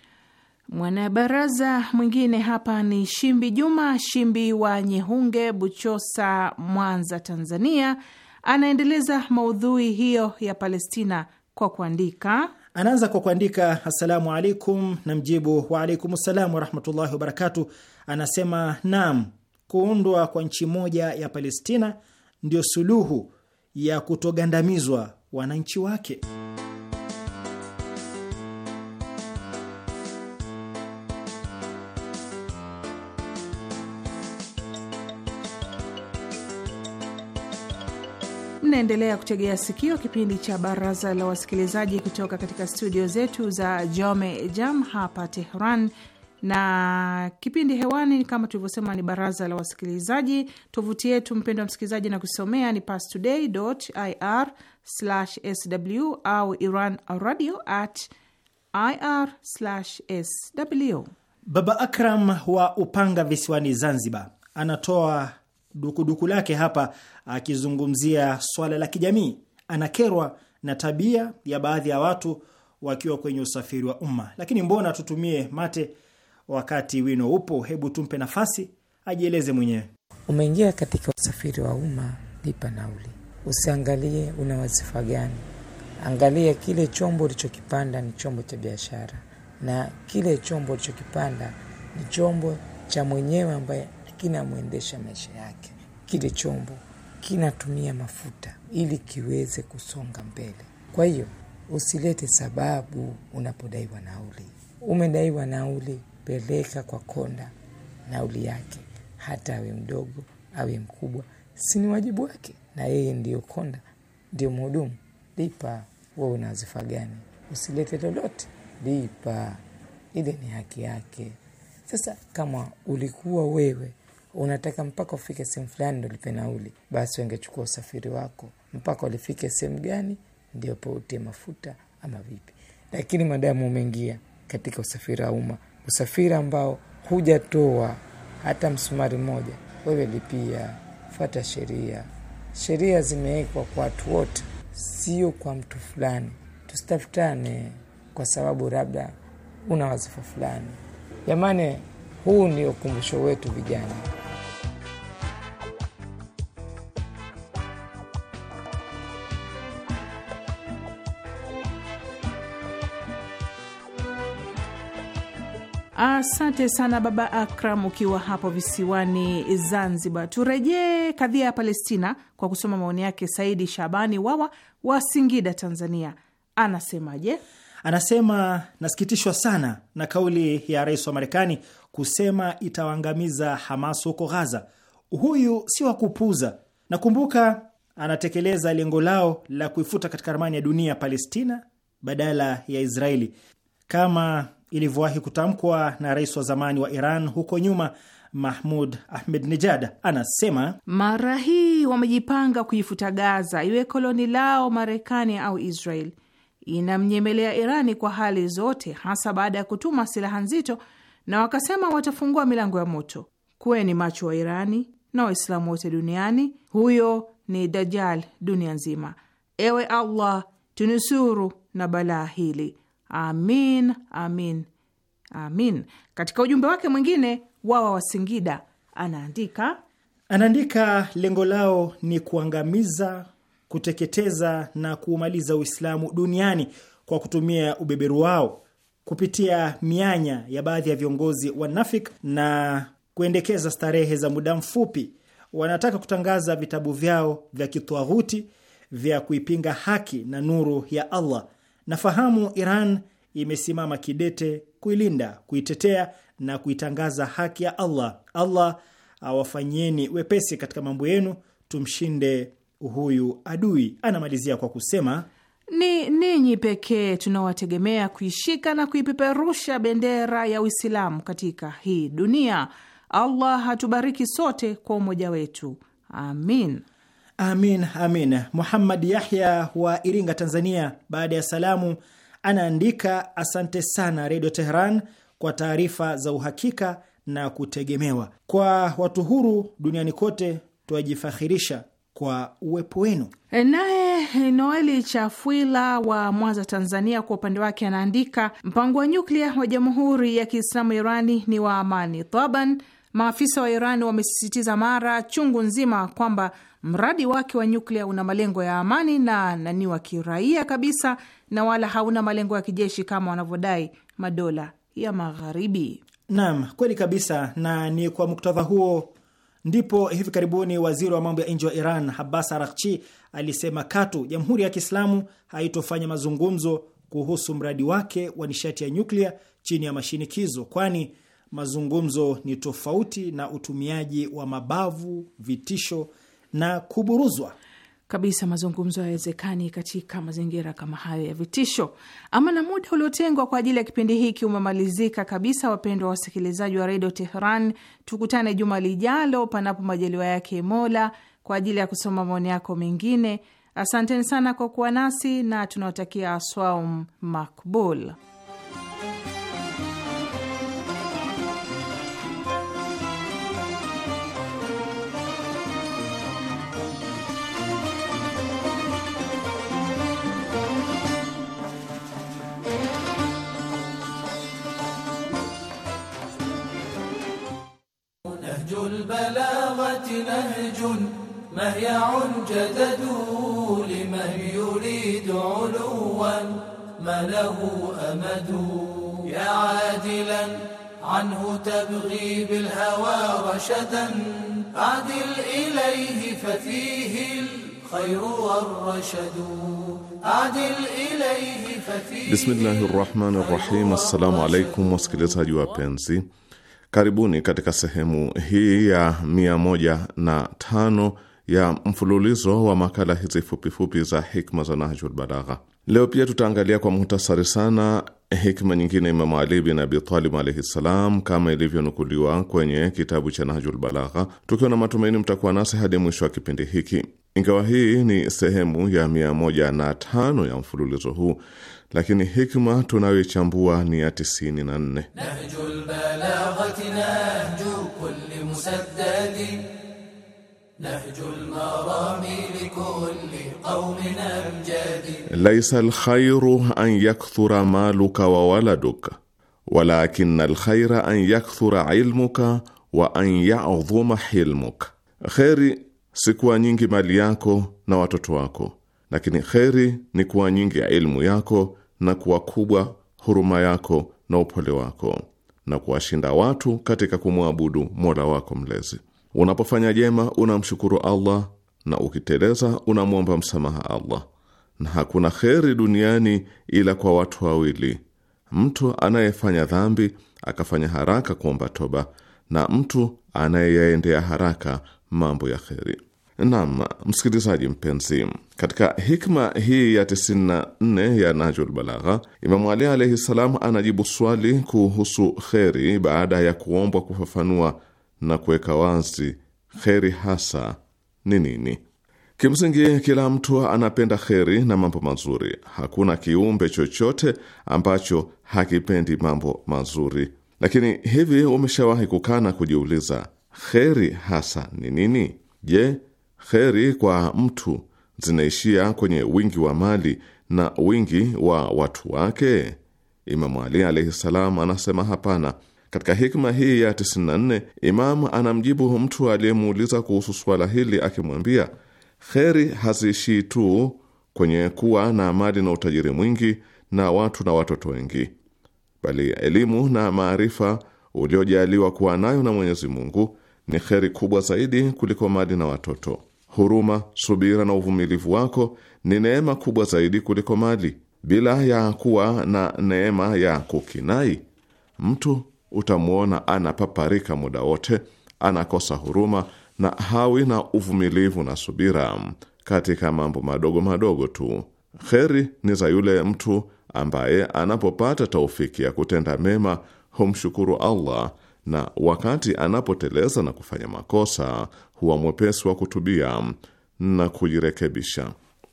Mwanabaraza mwingine hapa ni Shimbi Juma Shimbi wa Nyehunge, Buchosa, Mwanza, Tanzania. Anaendeleza maudhui hiyo ya Palestina kwa kuandika, anaanza kwa kuandika assalamu alaikum, na mjibu waalaikum salam warahmatullahi wabarakatu. Anasema naam, kuundwa kwa nchi moja ya Palestina ndio suluhu ya kutogandamizwa wananchi wake. Mnaendelea kutegea sikio kipindi cha Baraza la Wasikilizaji kutoka katika studio zetu za Jome Jam hapa Tehran na kipindi hewani kama tulivyosema ni baraza la wasikilizaji. Tovuti yetu mpendo wa msikilizaji na kusomea ni pastoday.ir/sw au Iran radio at ir/sw. Baba Akram wa Upanga visiwani Zanzibar anatoa dukuduku lake hapa akizungumzia swala la kijamii. Anakerwa na tabia ya baadhi ya watu wakiwa kwenye usafiri wa umma. Lakini mbona tutumie mate wakati wino upo? Hebu tumpe nafasi ajieleze mwenyewe. Umeingia katika usafiri wa umma, lipa nauli, usiangalie una wazifa gani. Angalia kile chombo ulichokipanda ni chombo cha biashara, na kile chombo ulichokipanda ni chombo cha mwenyewe ambaye kinamwendesha maisha yake. Kile chombo kinatumia mafuta ili kiweze kusonga mbele. Kwa hiyo usilete sababu unapodaiwa nauli. Umedaiwa nauli, peleka kwa konda nauli yake, hata awe mdogo awe mkubwa, si ni wajibu wake? Na yeye ndiyo konda, ndio mhudumu. Lipa. Wewe una wazifa gani? Usilete lolote, lipa. Ile ni haki yake. Sasa kama ulikuwa wewe unataka mpaka ufike sehemu fulani ndo lipe nauli, basi wangechukua usafiri wako mpaka walifike sehemu gani, ndio po utie mafuta ama vipi. Lakini madamu umeingia katika usafiri wa umma, usafiri ambao hujatoa hata msumari mmoja, wewe lipia, fata sheria. Sheria zimewekwa kwa watu wote, sio kwa mtu fulani. Tusitafutane kwa sababu labda una wazifa fulani. Jamani, huu ni ukumbusho wetu vijana. Asante sana Baba Akram, ukiwa hapo visiwani Zanzibar. Turejee kadhia ya Palestina kwa kusoma maoni yake Saidi Shabani Wawa wa Singida, Tanzania. Anasemaje? Anasema, nasikitishwa sana na kauli ya rais wa Marekani kusema itawaangamiza Hamas huko Ghaza. Huyu si wa kupuza. Nakumbuka anatekeleza lengo lao la kuifuta katika ramani ya dunia Palestina badala ya Israeli. Kama ilivyowahi kutamkwa na rais wa zamani wa Iran huko nyuma Mahmud ahmed nejad anasema mara hii wamejipanga kuifuta Gaza iwe koloni lao Marekani au Israel. Inamnyemelea Irani kwa hali zote, hasa baada ya kutuma silaha nzito, na wakasema watafungua milango ya moto. Kuweni macho wa Irani na Waislamu wote duniani, huyo ni Dajjal dunia nzima. Ewe Allah, tunusuru na balaa hili. Amin, amin, amin. Katika ujumbe wake mwingine, wawa wa Singida anaandika anaandika, lengo lao ni kuangamiza, kuteketeza na kuumaliza Uislamu duniani kwa kutumia ubeberu wao kupitia mianya ya baadhi ya viongozi wa nafik na kuendekeza starehe za muda mfupi. Wanataka kutangaza vitabu vyao vya kitwaghuti vya kuipinga haki na nuru ya Allah Nafahamu Iran imesimama kidete kuilinda, kuitetea na kuitangaza haki ya Allah. Allah awafanyieni wepesi katika mambo yenu, tumshinde huyu adui. Anamalizia kwa kusema ni ninyi pekee tunawategemea kuishika na kuipeperusha bendera ya Uislamu katika hii dunia. Allah hatubariki sote kwa umoja wetu, amin. Amin, amin. Muhammad Yahya wa Iringa, Tanzania, baada ya salamu anaandika asante sana Redio Teheran kwa taarifa za uhakika na kutegemewa. Kwa watu huru duniani kote, twajifahirisha kwa uwepo wenu. E, naye Noeli Chafwila wa Mwanza, Tanzania, kwa upande wake anaandika mpango wa nyuklia wa Jamhuri ya Kiislamu Irani ni wa amani, taban Maafisa wa Iran wamesisitiza mara chungu nzima kwamba mradi wake wa nyuklia una malengo ya amani na, nani wa kiraia kabisa na wala hauna malengo ya kijeshi kama wanavyodai madola ya Magharibi. Naam, kweli kabisa, na ni kwa muktadha huo ndipo hivi karibuni waziri wa mambo ya nje wa Iran Abbas arakchi alisema katu Jamhuri ya Kiislamu haitofanya mazungumzo kuhusu mradi wake wa nishati ya nyuklia chini ya mashinikizo, kwani mazungumzo ni tofauti na utumiaji wa mabavu, vitisho na kuburuzwa kabisa. Mazungumzo hayawezekani katika mazingira kama hayo ya vitisho. Ama na muda uliotengwa kwa ajili ya kipindi hiki umemalizika kabisa. Wapendwa wasikilizaji wa redio Teheran, tukutane juma lijalo, panapo majaliwa yake Mola, kwa ajili ya kusoma maoni yako mengine. Asanteni sana kwa kuwa nasi na tunawatakia swaum makbul. البلاغة نهج مهيع جدد لمن يريد علوا ما له أمد يا عادلا عنه تبغي بالهوى رشدا عدل إليه ففيه الخير والرشد إليه ففيه بسم Bismillahi rahmani rahim. Assalamu alaikum wasikilizaji wapenzi, Karibuni katika sehemu hii ya mia moja na tano ya mfululizo wa makala hizi fupifupi za hikma za Nahjul Balagha. Leo pia tutaangalia kwa muhtasari sana hikma nyingine Imamu Ali bin Abi Talib alaihi ssalam, kama ilivyonukuliwa kwenye kitabu cha Nahjul Balagha, tukiwa na matumaini mtakuwa nasi hadi mwisho wa kipindi hiki. Ingawa hii ni sehemu ya mia moja na tano ya mfululizo huu, lakini hikma tunayoichambua ni ya 94. Laisa lkhairu an yakthura maluka wa waladuka walakin alkhaira an yakthura ilmuka wa an yadhuma hilmuka, kheri si kuwa nyingi mali yako na watoto wako lakini kheri ni kuwa nyingi ya elimu yako na kuwa kubwa huruma yako na upole wako na kuwashinda watu katika kumwabudu Mola wako mlezi. Unapofanya jema unamshukuru Allah na ukiteleza unamwomba msamaha Allah. Na hakuna kheri duniani ila kwa watu wawili, mtu anayefanya dhambi akafanya haraka kuomba toba na mtu anayeyaendea haraka mambo ya kheri. Naam, msikilizaji mpenzi, katika hikma hii ya 94 ya Najul Balagha, Imamu Ali alaihi ssalam anajibu swali kuhusu kheri baada ya kuombwa kufafanua na kuweka wazi kheri hasa ni nini. Kimsingi, kila mtu anapenda kheri na mambo mazuri. Hakuna kiumbe chochote ambacho hakipendi mambo mazuri. Lakini hivi, umeshawahi kukaa na kujiuliza kheri hasa ni nini? Je, kheri kwa mtu zinaishia kwenye wingi wa mali na wingi wa watu wake? Imamu Ali alaihi salam anasema hapana. Katika hikma hii ya 94 Imamu anamjibu mtu aliyemuuliza kuhusu suala hili akimwambia, kheri haziishii tu kwenye kuwa na mali na utajiri mwingi na watu na watoto wengi, bali elimu na maarifa uliojaliwa kuwa nayo na Mwenyezi Mungu ni kheri kubwa zaidi kuliko mali na watoto huruma, subira na uvumilivu wako ni neema kubwa zaidi kuliko mali. Bila ya kuwa na neema ya kukinai, mtu utamwona anapaparika muda wote, anakosa huruma na hawi na uvumilivu na subira katika mambo madogo madogo tu. Kheri ni za yule mtu ambaye anapopata taufiki ya kutenda mema humshukuru Allah na wakati anapoteleza na kufanya makosa huwa mwepesi wa kutubia na kujirekebisha.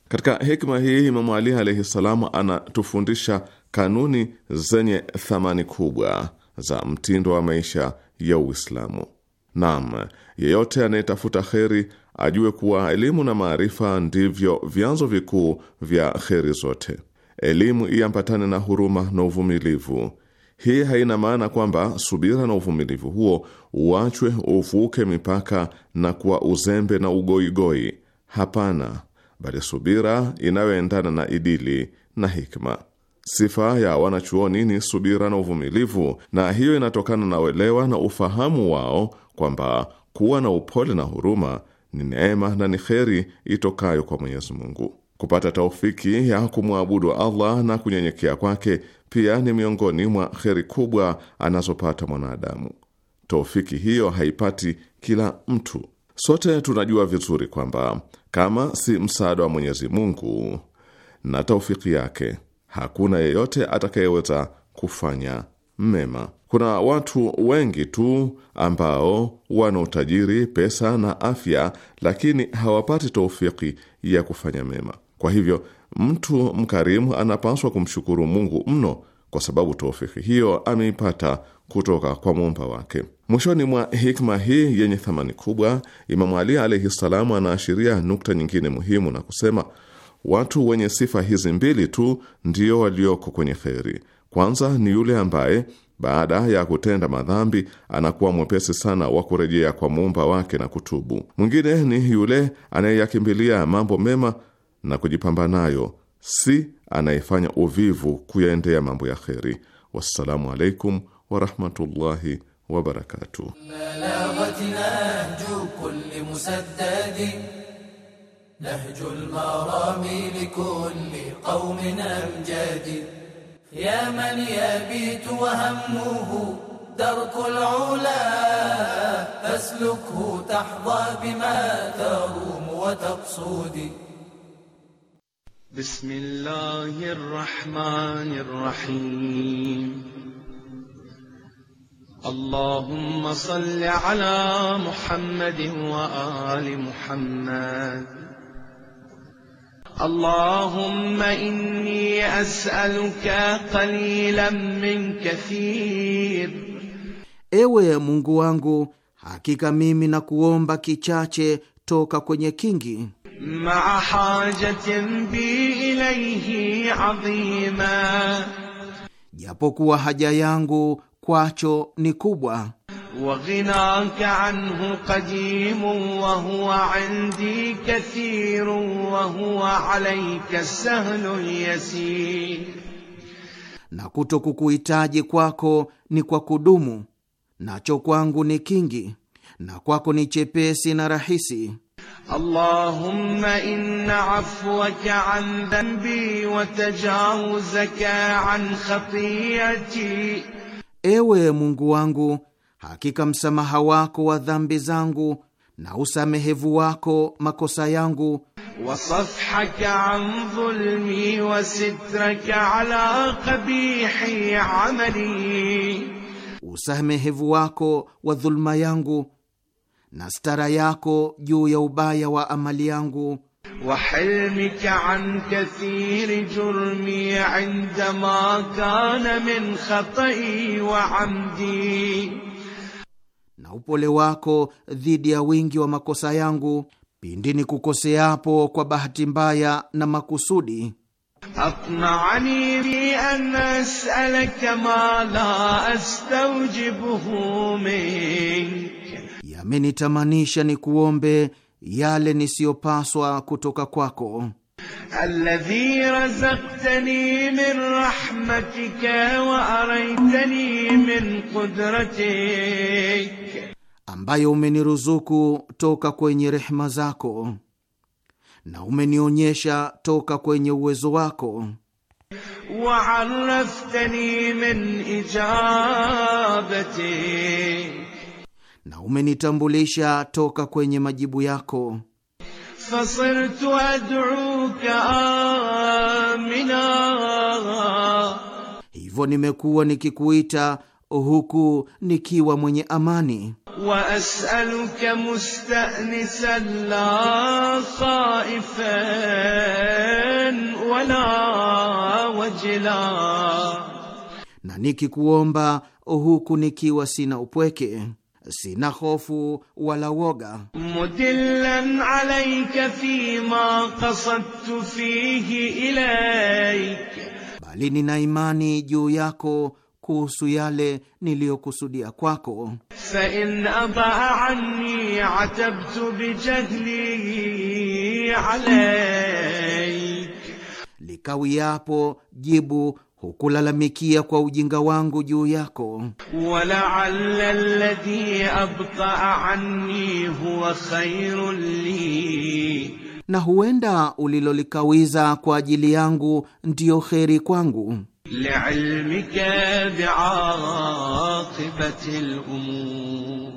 Katika hikma hii Imamu Ali alaihi salamu anatufundisha kanuni zenye thamani kubwa za mtindo wa maisha ya Uislamu. Naam, yeyote anayetafuta kheri ajue kuwa elimu na maarifa ndivyo vyanzo vikuu vya kheri zote. Elimu iambatane na huruma na uvumilivu hii haina maana kwamba subira na uvumilivu huo uachwe uvuke mipaka na kuwa uzembe na ugoigoi. Hapana, bali subira inayoendana na idili na hikma. Sifa ya wanachuoni ni subira na uvumilivu, na hiyo inatokana na uelewa na ufahamu wao kwamba kuwa na upole na huruma ni neema na ni kheri itokayo kwa Mwenyezi Mungu. Kupata taufiki ya kumwabudu Allah na kunyenyekea kwake pia ni miongoni mwa kheri kubwa anazopata mwanadamu. Taufiki hiyo haipati kila mtu. Sote tunajua vizuri kwamba kama si msaada wa Mwenyezi Mungu na taufiki yake, hakuna yeyote atakayeweza kufanya mema. Kuna watu wengi tu ambao wana utajiri, pesa na afya, lakini hawapati taufiki ya kufanya mema. Kwa hivyo Mtu mkarimu anapaswa kumshukuru Mungu mno kwa sababu taufiki hiyo ameipata kutoka kwa muumba wake. Mwishoni mwa hikma hii yenye thamani kubwa, Imamu Ali alaihi ssalamu anaashiria nukta nyingine muhimu na kusema, watu wenye sifa hizi mbili tu ndio walioko kwenye kheri. Kwanza ni yule ambaye baada ya kutenda madhambi anakuwa mwepesi sana wa kurejea kwa muumba wake na kutubu. Mwingine ni yule anayeyakimbilia mambo mema na kujipamba nayo, si anayefanya uvivu kuyaendea mambo ya kheri. Wassalamu alaikum warahmatullahi wabarakatuh. نهج المرامي لكل قوم أمجاد يا من يبيت وهمه درك العلا فاسلكه تحظى بما تروم وتقصد بسم الله الرحمن الرحيم اللهم صل على محمد وآل محمد اللهم إني أسألك قليلا من كثير Ewe Mungu wangu, hakika mimi nakuomba kichache toka kwenye kingi. مع حاجة بي إليه adhima, japokuwa haja yangu kwacho ni kubwa. Wa anhu qadimun wa huwa indi kathirun wa huwa alayka yasir, na kuto kukuhitaji kwako ni kwa kudumu, nacho kwangu ni kingi, na kwako ni chepesi na rahisi. اللهم إن عفوك عن ذنبي وتجاوزك عن خطيئتي Ewe Mungu wangu, hakika msamaha wako wa dhambi zangu na usamehevu wako makosa yangu, wasafhaka an dhulmi wa sitraka ala qabihi amali, usamehevu wako wa dhulma yangu na stara yako juu ya ubaya wa amali yangu wa hilmika an jurmi inda ma kana min khatai wa amdi, na upole wako dhidi ya wingi wa makosa yangu pindi ni kukoseapo kwa bahati mbaya na makusudi. Atma'ani bi an as'alaka ma la astawjibuhu yamenitamanisha nikuombe yale nisiyopaswa kutoka kwako. Alladhi min rahmatika wa min qudratik, ambayo umeniruzuku toka kwenye rehma zako na umenionyesha toka kwenye uwezo wako. Wa min ijabatik na umenitambulisha toka kwenye majibu yako. fasirtu aduka amina, hivyo nimekuwa nikikuita huku nikiwa mwenye amani. wa asaluka mustanisan la khaifan wala wajla, na nikikuomba huku nikiwa sina upweke sina hofu wala woga. mudillan alayka qasadtu fihi bali nina imani juu yako kuhusu yale niliyokusudia kwako. anni atabtu bijahli alayk, likawiyapo jibu hukulalamikia kwa ujinga wangu juu yako. walaala anni huwa khairun li, na huenda ulilolikawiza kwa ajili yangu ndiyo kheri kwangu. liilmika biaqibati lumur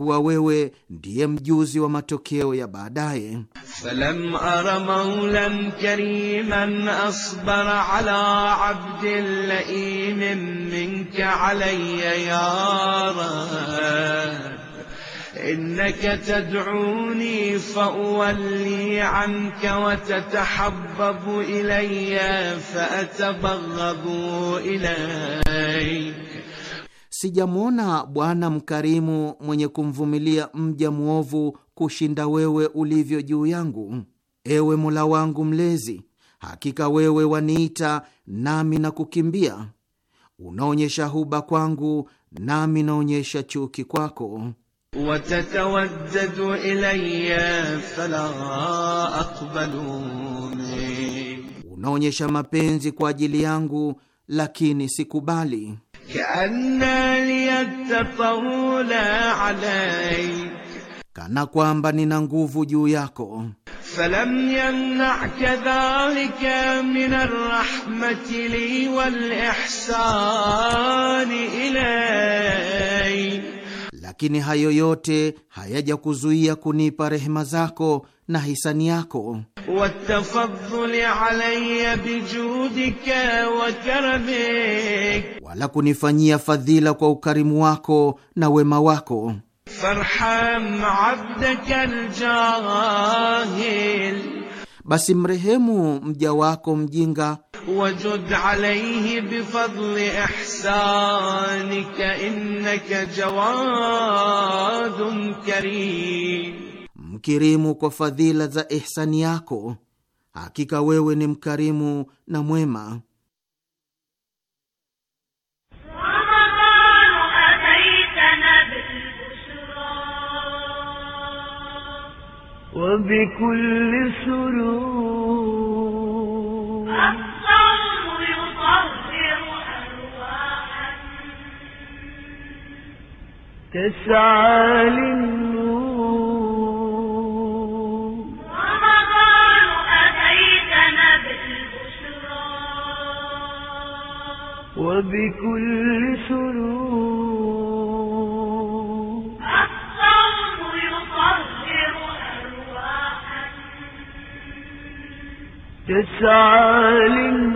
kuwa wewe ndiye mjuzi wa matokeo ya baadaye. falam ara maulan kariman asbara ala abdin laimin minka alaya yara إنك تدعوني فأولي عنك وتتحبب إلي فأتبغض إليك sijamwona bwana mkarimu mwenye kumvumilia mja mwovu kushinda wewe ulivyo juu yangu. Ewe Mola wangu Mlezi, hakika wewe waniita nami na kukimbia, unaonyesha huba kwangu nami naonyesha chuki kwako. watatawaddadu fala aqbalu unaonyesha mapenzi kwa ajili yangu, lakini sikubali kana kwamba nina nguvu juu yako. falam yamnaka dhalika min arrahmati li wal ihsani ilay, lakini hayo yote hayaja kuzuia kunipa rehema zako na hisani yako. Wala kunifanyia fadhila kwa ukarimu wako na wema wako. Basi mrehemu mja wako mjinga wajud alayhi bifadli ihsanika innaka jawadun karim Mkirimu kwa fadhila za ihsani yako, hakika wewe ni mkarimu na mwema. وبكل سرور الصوم يطهر أرواحا تسعى للنور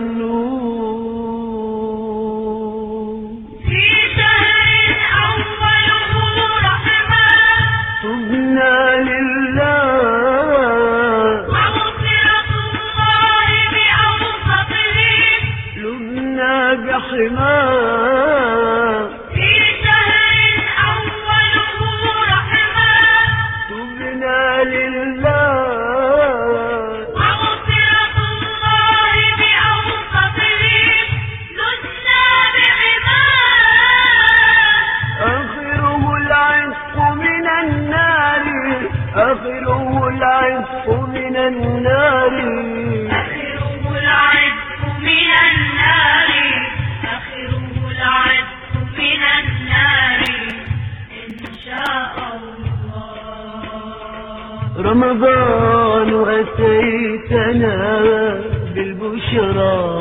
رمضان أتيتنا بالبشرى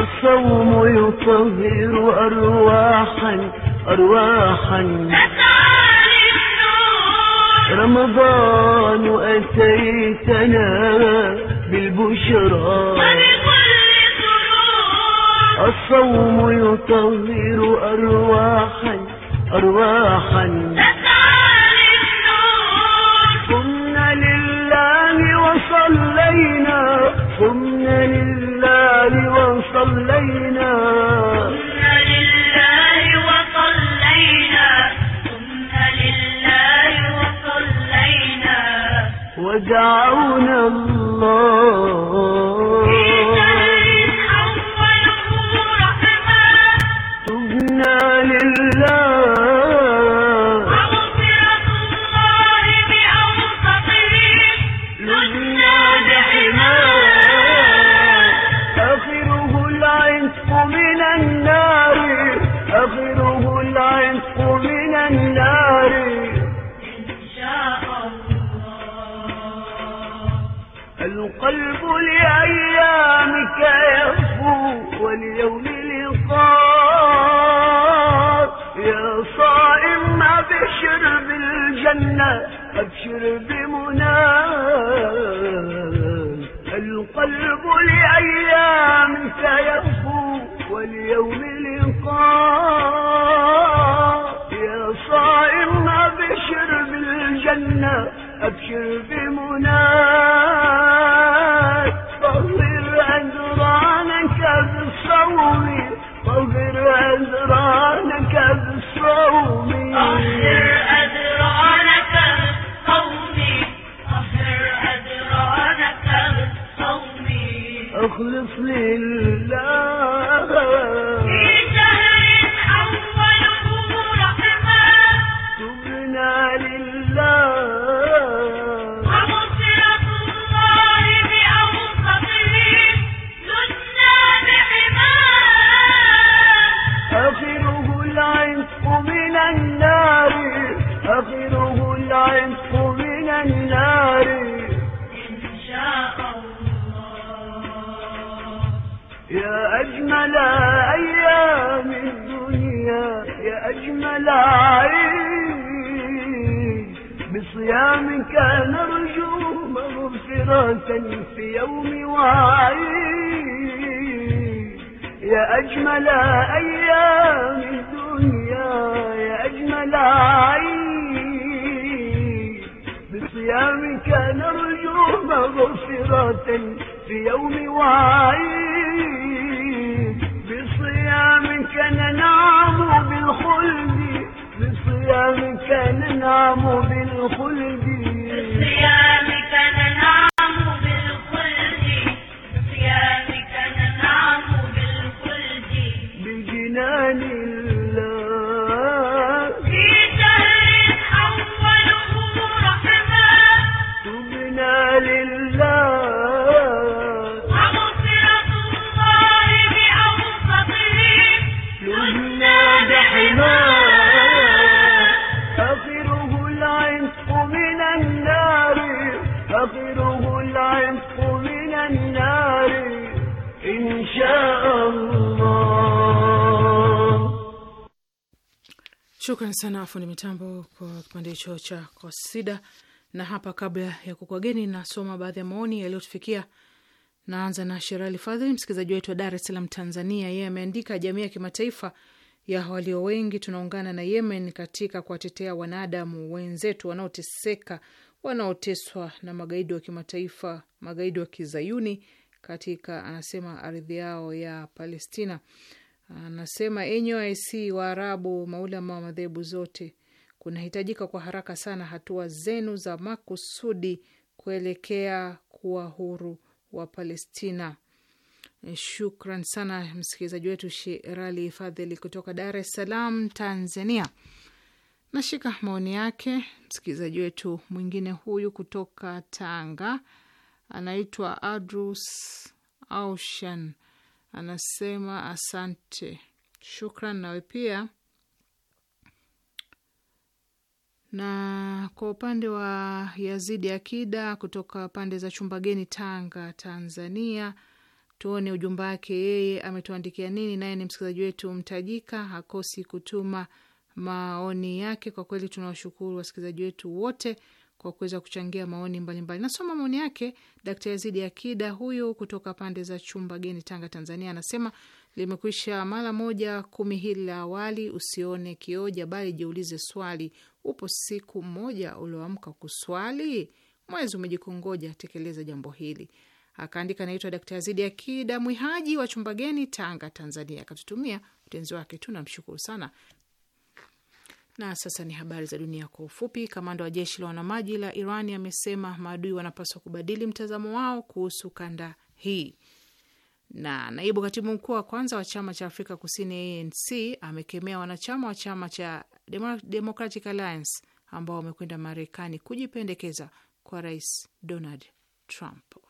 الصوم يطهر أرواحا أرواحا رمضان أتيتنا بالبشرى الصوم يطهر أرواحا أرواحا يدعون الله الكرب مناد طهر أجرانك بصومي طهر أجرانك بصومي طهر أجرانك بالصوم طهر أجرانك بالصوم أخلص لله بصيامك نرجو مغفرة في يوم وعي يا أجمل أيام الدنيا يا أجمل عي بصيامك نرجو مغفرة في يوم وعي بصيامك ننعم بالخلد دمك ننام بالخلد Shukran sana fundi mitambo kwa kipande hicho cha kosida. Na hapa kabla ya kukwageni, nasoma baadhi ya maoni yaliyotufikia. Naanza na Sherali Fadhili, msikilizaji wetu wa Dar es Salaam, Tanzania. Yeye ameandika, jamii ya kimataifa ya walio wengi tunaungana na Yemen katika kuwatetea wanadamu wenzetu wanaoteseka, wanaoteswa na magaidi wa kimataifa, magaidi wa kizayuni katika, anasema, ardhi yao ya Palestina. Anasema, enyi IC Waarabu, maulama wa madhehebu zote, kunahitajika kwa haraka sana hatua zenu za makusudi kuelekea kuwa huru wa Palestina. Shukran sana msikilizaji wetu Shirali Fadhili kutoka Dar es Salaam, Tanzania. Nashika maoni yake msikilizaji wetu mwingine huyu kutoka Tanga, anaitwa Adrus Aushan anasema asante, shukran nawe pia. Na kwa upande wa Yazidi Akida kutoka pande za Chumbageni, Tanga, Tanzania, tuone ujumbe wake yeye ametuandikia nini. Naye ni msikilizaji wetu mtajika, hakosi kutuma maoni yake. Kwa kweli tunawashukuru wasikilizaji wetu wote kwa kuweza kuchangia maoni mbalimbali. Nasoma maoni yake Dkt. Yazidi Akida huyu kutoka pande za chumba geni, Tanga, Tanzania, anasema limekwisha mara moja kumi hili la awali, usione kioja bali jiulize swali. Upo siku moja ulioamka kuswali? Mwezi umejikongoja, tekeleza jambo hili. Akaandika, naitwa Dkt. Yazidi Akida Mwihaji wa chumba geni, Tanga, Tanzania. Akatutumia utenzi wake, tunamshukuru sana. Na sasa ni habari za dunia kwa ufupi. Kamanda wa jeshi la wanamaji la Irani amesema maadui wanapaswa kubadili mtazamo wao kuhusu kanda hii. Na naibu katibu mkuu wa kwanza wa chama cha Afrika Kusini ANC amekemea wanachama wa chama cha Democratic Alliance ambao wamekwenda Marekani kujipendekeza kwa Rais Donald Trump.